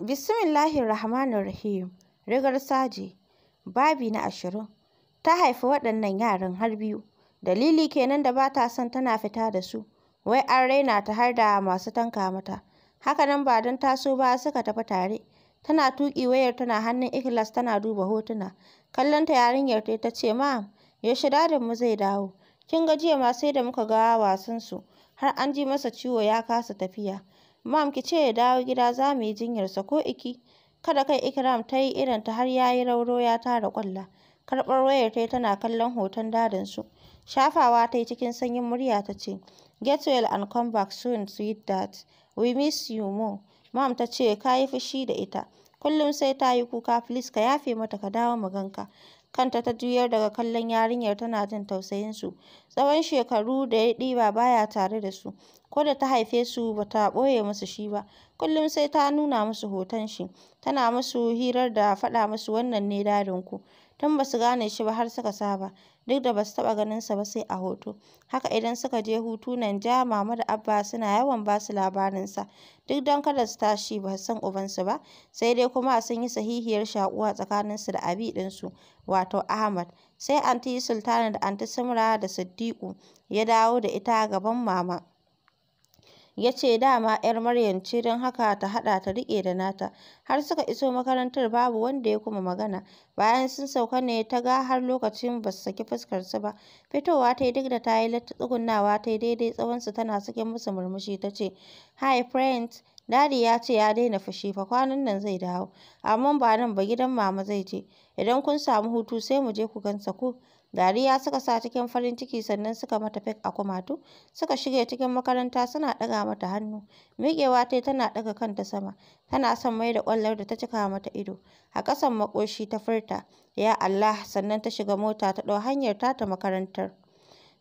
Bismillahirrahmanirrahim. Rigar Saji. Babi na ashirin. Ta haifi waɗannan yaran har biyu. Dalili kenan da ba ta son tana fita da su. Wai an raina ta har da masu tanka mata. Haka nan ba don taso ba suka tafi tare. Tana tuƙi wayar tana hannun ikilas tana duba hotuna. Kallon ta yarinyar ta ta ce ma yaushe mu zai dawo. Kin ga jiya ma sai da muka ga wasansu har an ji masa ciwo ya kasa tafiya. mam ki ce ya dawo gida za mu yi jinyarsa ko Iki. Kada kai Ikram ta yi irin ta har ya yi rauro ya tara kwalla Karɓar wayar ta tana kallon hoton dadinsu. Shafawa ta yi cikin sanyin murya ta ce, Get well and come back soon, sweet dad. We miss you more. Mam ta ce, Ka yi fushi da ita. Kullum sai ta yi kuka, please ka yafe mata ka dawo mu ganka. kanta ta juyar daga kallon yarinyar tana jin tausayin su Tsawon shekaru da ya ɗiba baya tare da su, ko da ta haife su bata ta ɓoye musu shi ba, kullum sai ta nuna musu hoton shi, tana musu hirar da faɗa musu wannan ne ku. tun ba su gane shi ba har suka saba duk da ba su taɓa ganinsa ba sai a hoto haka idan suka je hutu nan ja mama da abba suna yawan ba su labarinsa duk don kada su tashi ba san ubansu ba sai dai kuma sun yi sahihiyar shakuwa tsakaninsu da abi ɗinsu wato ahmad sai anti sultana da anti simra da siddiƙu ya dawo da ita gaban mama Ya ce dama 'yar Maryam ce don haka ta haɗa ta rike da nata. Har suka iso makarantar babu wanda ya kuma magana. Bayan sun sauka ne ta ga har lokacin ba su saki fuskarsu ba. Fitowa ta yi duk da ta yi latta tsugunnawa ta yi daidai su tana sakin musu murmushi ta ce, Hi friend!" Dadi ya ce ya daina fushi fa kwanan nan zai dawo, amma ba nan ba gidan mama zai je. Idan kun samu hutu sai mu je ku gansa ku. Dariya suka sa cikin farin ciki sannan suka mata fik a kumatu, suka shige cikin makaranta suna ɗaga mata hannu. Miƙewa ta tana ɗaga kanta sama, tana son mai da ƙwallar da ta cika mata ido. A ƙasan maƙoshi ta furta, ya Allah, sannan ta shiga mota ta ɗau hanyar ta ta makarantar.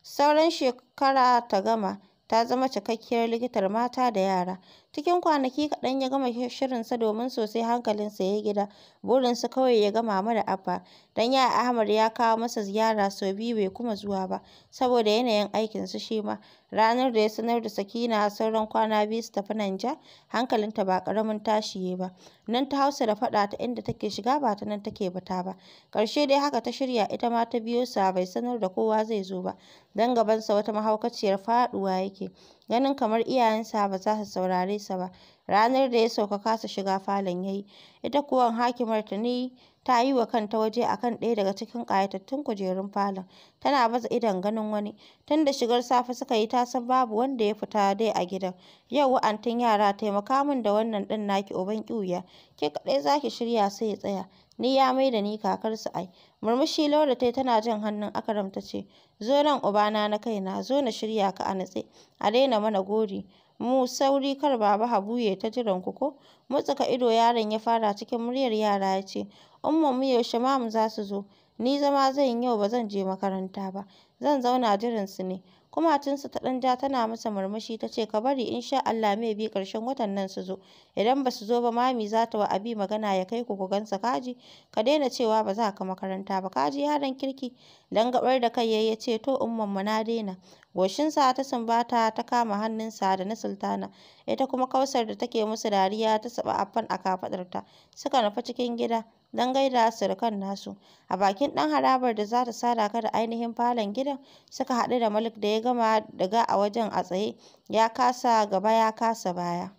Sauran shekara ta gama, ta zama cikakkiyar likitar mata da yara. Cikin kwanaki kaɗan ya gama shirinsa domin sosai hankalinsa ya yi gida. Burinsa kawai ya ga Mama da Abba. Don ya Ahmad ya kawo masa ziyara sau biyu bai kuma zuwa ba, saboda yanayin aikinsu shi ma. Ranar da ya sanar da Sakina sauran kwana biyu su tafi nanja hankalinta ba ƙaramin tashi ya ba. Nan ta hausa da faɗa ta inda take shiga ba ta nan take bata ba. Ƙarshe dai haka ta shirya ita ma ta biyo sa bai sanar da kowa zai zo ba, don gabansa wata mahaukaciyar faɗuwa yake. ganin kamar iyayensa ba za su saurare sa ba. Ranar da ya sauka kasa shiga falon ya yi, ita kuwa hakimar tuni ta yi wa kanta waje a kan ɗaya daga cikin ƙayatattun kujerun falon tana baza idon ganin wani tun da shigar safe suka yi ta babu wanda ya fita dai a gidan yau wa'antin yara taimaka min da wannan ɗin naki uban ƙiuya ke kaɗai za ki shirya sai ya tsaya ni ya mai da ni kakarsu ai murmushi Laura tana jan hannun Akram ta ce zo nan ubana na kaina zo na shirya ka a natse a daina mana gori Mu sauri kar Baba Habu ya ta jiran ku ko. Mutsika ido yaron ya fara cikin muryar yara ya ce, Umma mu yaushe mamu za su zo? Ni zama zan yi yau ba zan je makaranta ba. Zan zauna jiransu ne. Kumatunsa ta ɗan ja tana masa murmushi ta ce ka bari in sha Allah mai bi ƙarshen watan nan su zo. Idan ba su zo ba mami za ta wa abi magana ya kai ku ku gansa kaji. Ka daina cewa ba za ka makaranta ba kaji yaron kirki. Dan gabar da kai ya ce to umman mu na daina. Goshinsa ta sumbata ta kama hannunsa da na sultana, ita kuma kausar da take musu dariya ta saba affan a kafaɗarta, suka nufi cikin gida don gaida surukan nasu. A bakin ɗan harabar da za ta sada ka da ainihin falon gidan, suka haɗu da Malik da ya gama daga a wajen a tsaye, ya kasa gaba ya kasa baya.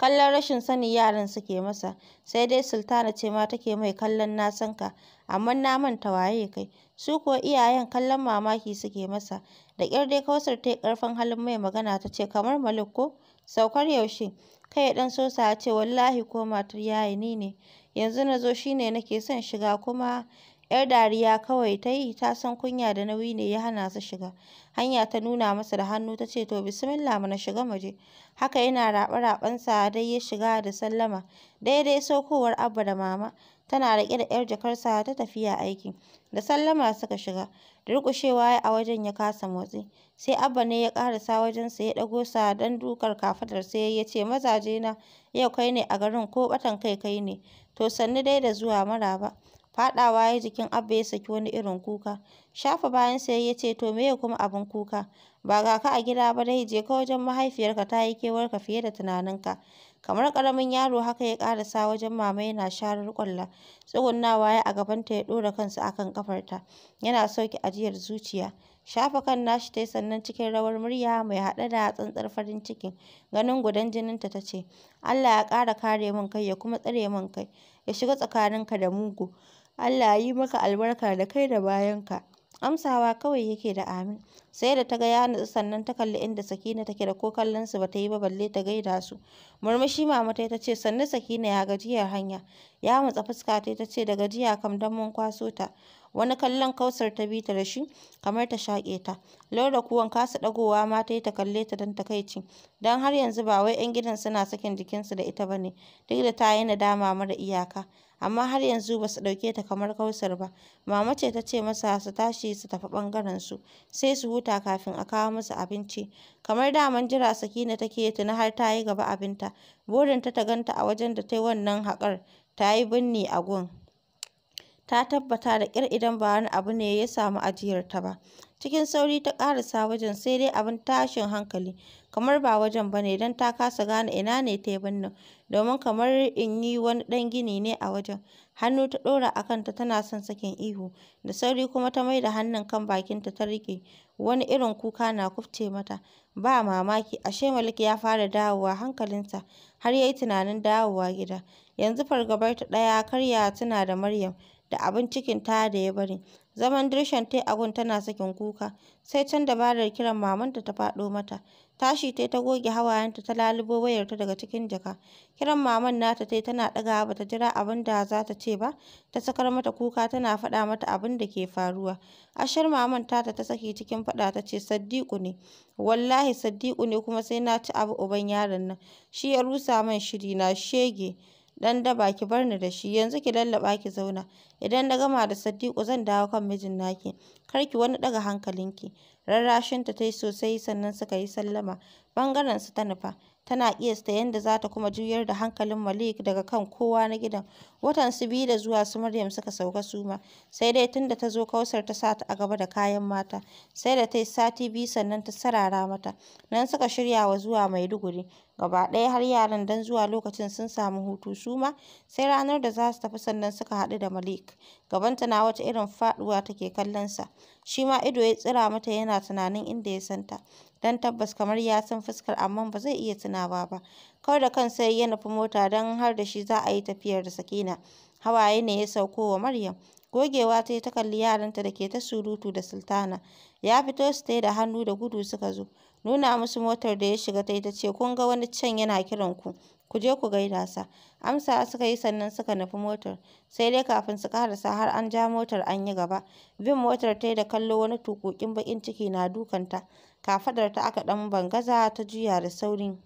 kallon rashin sani yaran suke masa sai dai sultana ce ma take mai kallon na ka amma na manta waye kai su kuwa iyayen kallon mamaki suke masa da ƙyar dai kausar ta yi ƙarfin halin mai magana ta ce kamar malik ko saukar yaushe kai ya ɗan sosa ya ce wallahi ko matar yayi ni ne yanzu na zo shine nake son shiga kuma Yar dariya kawai ta yi, ta san kunya da nauyi ne ya hana su shiga. Hanya ta nuna masa da hannu ta ce, To, bismillah na shiga mu je. Haka yana raɓa-raɓansa dai ya shiga da sallama. Daidai saukowar Abba da Mama, tana riƙe da 'yar jakarsa ta tafiya aiki. Da sallama suka shiga. Durƙushewa a wajen ya kasa motsi. Sai Abba ne ya ƙarasa wajensa ya ɗago sa don dukar kafatar ya yi ya ce, Mazaje na, yau kai ne a garin ko ɓatan kai kai ne. To, sannu dai da zuwa maraba. Faɗawa ya jikin Abba ya saki wani irin kuka. Shafa bayansa ya yi ya ce, to meye kuma abin kuka? Ba ga ka a gida ba dai je ka wajen mahaifiyarka ta yi ka fiye da tunaninka. Kamar ƙaramin yaro haka ya ƙarasa wajen mama yana sharar ƙwalla. Tsugunnawa ya a gabanta ya ɗora kansa akan ƙafarta. Yana sauke ajiyar zuciya. Shafa kan nashi ta yi sannan cikin rawar murya mai haɗe da tsantsar farin ciki. Ganin gudan jininta ta ce, Allah ya ƙara kare min kai ya kuma tsare min kai. Ya shiga tsakaninka da mugu. Allah yi maka albarka da kai da bayanka. Amsawa kawai yake da amin. Sai da ta ga ya nutsu sannan ta kalli inda Sakina take da ko kallon su ta yi ba balle ta gaida su. Murmushi mama ta ce sannu Sakina ya gajiyar hanya. Ya matsa fuska ta ta ce da gajiya kam dan mun kwaso ta. wani kallon kausar ta bi ta da shi kamar ta shaƙe ta laura kuwan kasa ɗagowa ma ta yi ta kalle ta don takaici don har yanzu ba wai 'yan gidan suna sakin jikinsu da ita ba ne duk da ta yi dama mara iyaka amma har yanzu ba su ɗauke ta kamar kausar ba mama ce ta ce masa su tashi su tafi ɓangaren su sai su huta kafin a kawo musu abinci kamar daman jira sakina take tuni har ta yi gaba abinta ta ta ganta a wajen da ta yi wannan haƙar ta yi binni a gun ta tabbata da ƙyar idan ba wani abu ne ya samu ajiyarta ba. Cikin sauri ta ƙarasa wajen sai dai abin tashin hankali, kamar ba wajen ba ne don ta kasa gane ina ne ta yi binnin, domin kamar in yi wani ɗan gini ne a wajen. Hannu ta ɗora a kanta tana son sakin ihu, da sauri kuma ta mai da hannun kan bakinta ta riƙe, wani irin kuka na kufce mata. Ba mamaki, ashe Malik ya fara dawowa hankalinsa, har ya yi tunanin dawowa gida. Yanzu fargabarta ɗaya karya tuna da Maryam da abin cikinta da ya bari. Zaman dirshan tai a gun tana sakin kuka, sai can dabarar kiran mamanta ta faɗo mata. Tashi tai ta goge hawayenta ta lalubo wayarta daga cikin jaka. Kiran maman nata tai tana ɗagawa bata jira abin da za ta ce ba, ta sakar mata kuka tana faɗa mata abin da ke faruwa. Ashar maman tata ta saki cikin faɗa ta ce Saddiƙu ne, wallahi Saddiƙu ne kuma sai na ci abu uban yaron nan, shi ya rusa man shiri na shege. ɗan daba ki bar ni da shi yanzu ki lallaɓa ki zauna idan na gama da Sadiku zan dawo kan mijin naki kar ki wani daga hankalinki rarrashinta ta yi sosai sannan suka yi sallama Bangaren su ta nufa tana kiyasta yadda za ta kuma juyar da hankalin Malik daga kan kowa na gidan. Watan su biyu da zuwa su Maryam suka sauka suma, sai dai tunda ta zo Kausar ta sa ta a gaba da kayan mata, sai da ta yi sati biyu sannan ta sarara mata. Nan suka shirya wa zuwa Maiduguri, gaba ɗaya har yaran dan zuwa lokacin sun samu hutu suma, sai ranar da za su tafi sannan suka haɗu da Malik. gabanta na wata irin faɗuwa take kallon sa shi ma ido ya tsira mata yana tunanin inda ya santa dan tabbas kamar ya san fuskar amma ba zai iya tunawa ba kawai da kansa ya nufi mota dan har da shi za a yi tafiyar da sakina hawaye ne ya sauko wa maryam gogewa ta yi ta kalli yaranta da ke ta surutu da sultana ya fito su da hannu da gudu suka zo nuna musu motar da ya shiga ta ita ce kun ga wani can yana kiran ku ku je ku gaida sa amsa suka yi sannan suka nufi motar sai dai kafin su karasa har an ja motar an yi gaba bin motar ta yi da kallo wani tukukin bakin ciki na dukanta ta aka dan bangaza ta juya da saurin.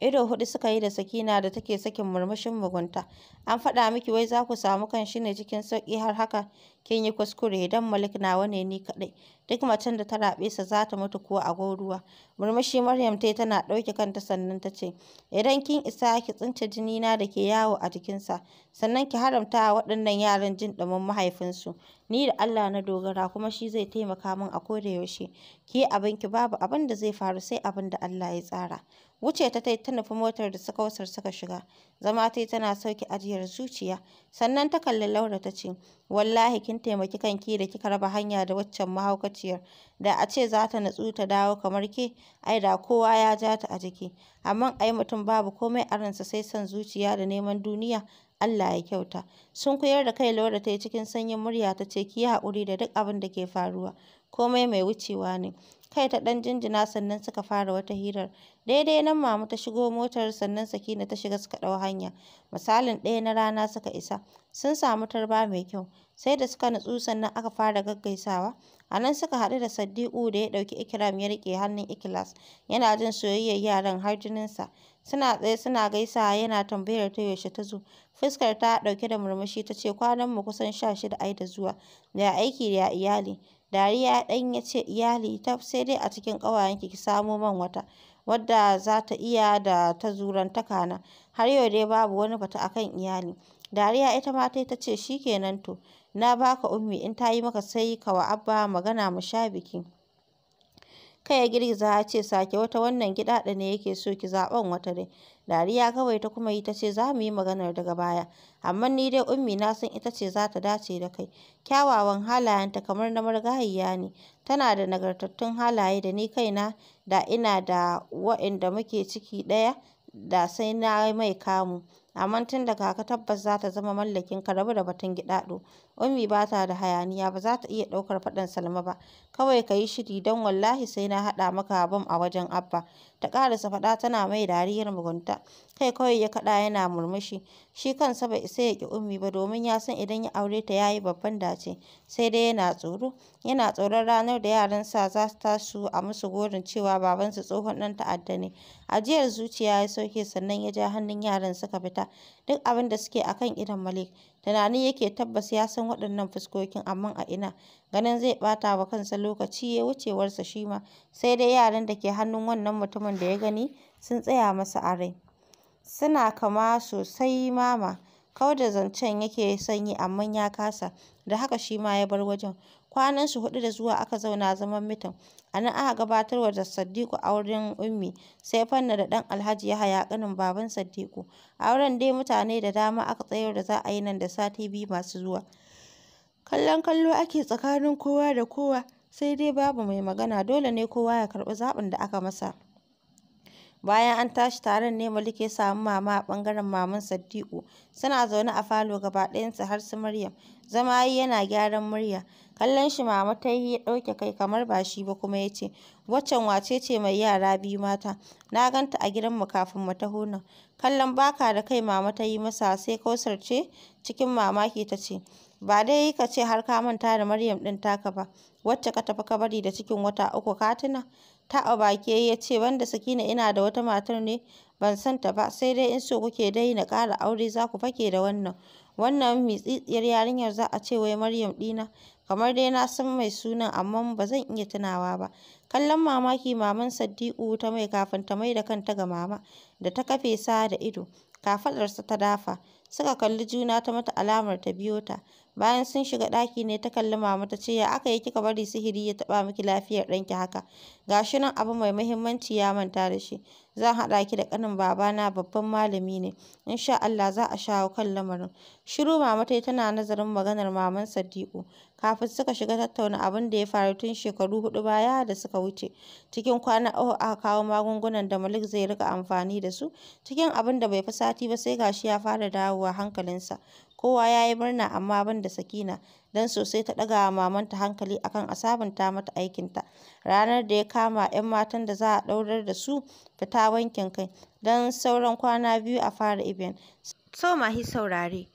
ido hudu suka yi da sakina da take sakin murmushin mugunta an faɗa miki wai za ku samu kan shi ne cikin sauƙi har haka kin yi kuskure dan malik nawa ne ni kaɗai duk macen da ta raɓe sa za ta mutu ko a goruwa murmushi maryam tai tana ɗauke kanta sannan ta ce idan kin isa ki tsince jinina da ke yawo a jikinsa sannan ki haramta wa waɗannan yaran jin ɗumin mahaifinsu ni da allah na dogara kuma shi zai taimaka min a koda yaushe ki yi abinki babu abin da zai faru sai abin da allah ya tsara wuce ta tai ta nufi motar da suka suka shiga zama ta yi tana sauke ajiyar zuciya sannan ta kalli laura ta ce wallahi kin taimaki kanki da kika raba hanya da waccan mahaukaciyar da a ce za ta natsu ta dawo kamar ke ai da kowa ya ja ta a jiki amma ai mutum babu komai a ransa sai son zuciya da neman duniya Allah ya kyauta. Sun koyar da kai Laura ta yi cikin sanyin murya ta ce ki yi haƙuri da duk abin da ke faruwa. Komai mai wucewa ne. kai ta ɗan jinjina sannan suka fara wata hirar daidai nan mamu ta shigo motar sannan sakina ta shiga suka ɗau hanya misalin ɗaya na rana suka isa sun samu tarba mai kyau sai da suka nutsu sannan aka fara gaggaisawa a nan suka haɗu da Sadiku da ya ɗauki ikiram ya riƙe hannun Ikilas yana jin soyayyar yaran har jininsa suna tsaye suna gaisawa yana tambayar ta yaushe ta zo fuskar ta ɗauke da murmushi ta ce kwanan mu kusan sha shida ai da zuwa da aiki da iyali dariya ɗan ya ce iyali ta sai dai a cikin ƙawayenki ki samo man wata wadda za ta iya da ta zurantaka na har yau dai babu wani bata akan iyali dariya ita ma tai ta ce shikenan to na baka ummi in ta yi maka sai ka wa abba magana mu sha biki Kai ya girgiza ya ce sake wata wannan gida da ne yake so ki zaben wata dai. Dariya kawai ta kuma yi ta ce za mu yi maganar daga baya. Amma ni dai ummi na san ita ce za ta dace da kai. Kyawawan halayenta kamar na marigayiya ne. Tana da nagartattun halaye da ni kaina da ina da waɗanda muke ciki ɗaya da sai na mai kamu. amma tun da kaka tabbas za ta zama mallakin ka rabu da batun gidaɗo. Ummi ba ta da hayaniya ba za ta iya ɗaukar faɗan Salma ba. Kawai ka yi shiri don wallahi sai na haɗa maka bam a wajen Abba. Ta karasa faɗa tana mai dariyar mugunta. kai kawai ya kaɗa yana murmushi. Shi kansa bai isa ya ƙi Ummi ba domin ya san idan ya aure ta yayi babban dace, sai dai yana tsoro. Yana tsoron ranar da yaransa za su taso a musu gorin cewa babansu tsohon ɗan ta'adda ne. Ajiyar zuciya ya sauke sannan ya ja hannun yaran suka fita. Duk abin da suke akan idan Malik, tunanin yake tabbas ya san waɗannan fuskokin amma a ina. Ganin zai ɓata wa kansa lokaci ya wucewarsa shi ma, sai dai yaran da ke hannun wannan mutumin da ya gani sun tsaya masa a rai. Suna kama sosai Mama,” kawar da zancen yake son yi amma ya kasa, da haka shi ma ya bar wajen. kwanan su hudu da zuwa aka zauna zaman mitin, a nan aka gabatarwa da a auren Ummi, sai Fanna da Dan Alhaji Yahaya kanin baban saddiku Auren dai mutane da dama aka tsayar da za a yi nan da sati biyu masu zuwa. Kallon kallo ake tsakanin kowa da kowa, sai dai babu mai magana, dole ne kowa ya karɓi zaɓin da aka masa. Bayan an tashi taron ne Malik ya samu Mama a ɓangaren Maman Saddiƙo. Suna zaune a falo gaba ɗayansu har su Maryam. Zama yi yana gyaran murya. Kallon shi Mama ta yi ya ɗauke kai kamar ba shi ba kuma ya ce, Waccan wace ce mai yara biyu mata? Na ganta a gidanmu kafin mu taho nan. Kallon baka da kai Mama ta yi masa sai Kausar ce cikin mamaki ta ce, Ba dai yi ka ce har ka manta da Maryam ɗin taka ba, wacce ka tafi kabari da cikin wata uku katuna ta baki ya ce wanda Sakina ina da wata matar ne ban san ta ba sai dai in so kuke dai na ƙara aure za ku fake da wannan wannan mitsitsiyar yarinyar za a ce wai Maryam ɗina kamar dai na san mai sunan amma ba zan iya tunawa ba Kallon mamaki maman Sadiku ta mai kafin ta mai da kanta ga mama da ta kafe sa da ido. Kafaɗarsa ta dafa. Suka kalli juna ta mata alamar ta biyo ta. Bayan sun shiga ɗaki ne ta kalli mama ta ce ya aka yi kika bari sihiri ya taba miki lafiyar ɗanki haka. Ga nan abu mai muhimmanci ya manta da shi. Zan haɗa ki da ƙanin babana babban malami ne. Insha Allah za a shawo kan lamarin. Shiru mama ta yi tana nazarin maganar maman Saddiƙu. Kafin suka shiga tattauna abin da ya faru tun shekaru hudu baya da suka suka wuce. Cikin kwana uku aka kawo magungunan da Malik zai rika amfani da su. Cikin abin da bai fi sati ba sai gashi ya fara dawowa hankalinsa. Kowa ya yi murna amma banda da Sakina, dan sosai ta ɗaga mamanta hankali akan a sabunta mata aikinta. Ranar da ya kama 'yan matan da za a ɗaurar da su fita wankin kai, don sauran kwana biyu a fara Ibin. So mahi saurare.